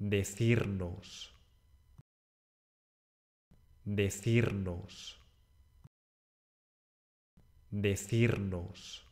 decirnos, decirnos, decirnos.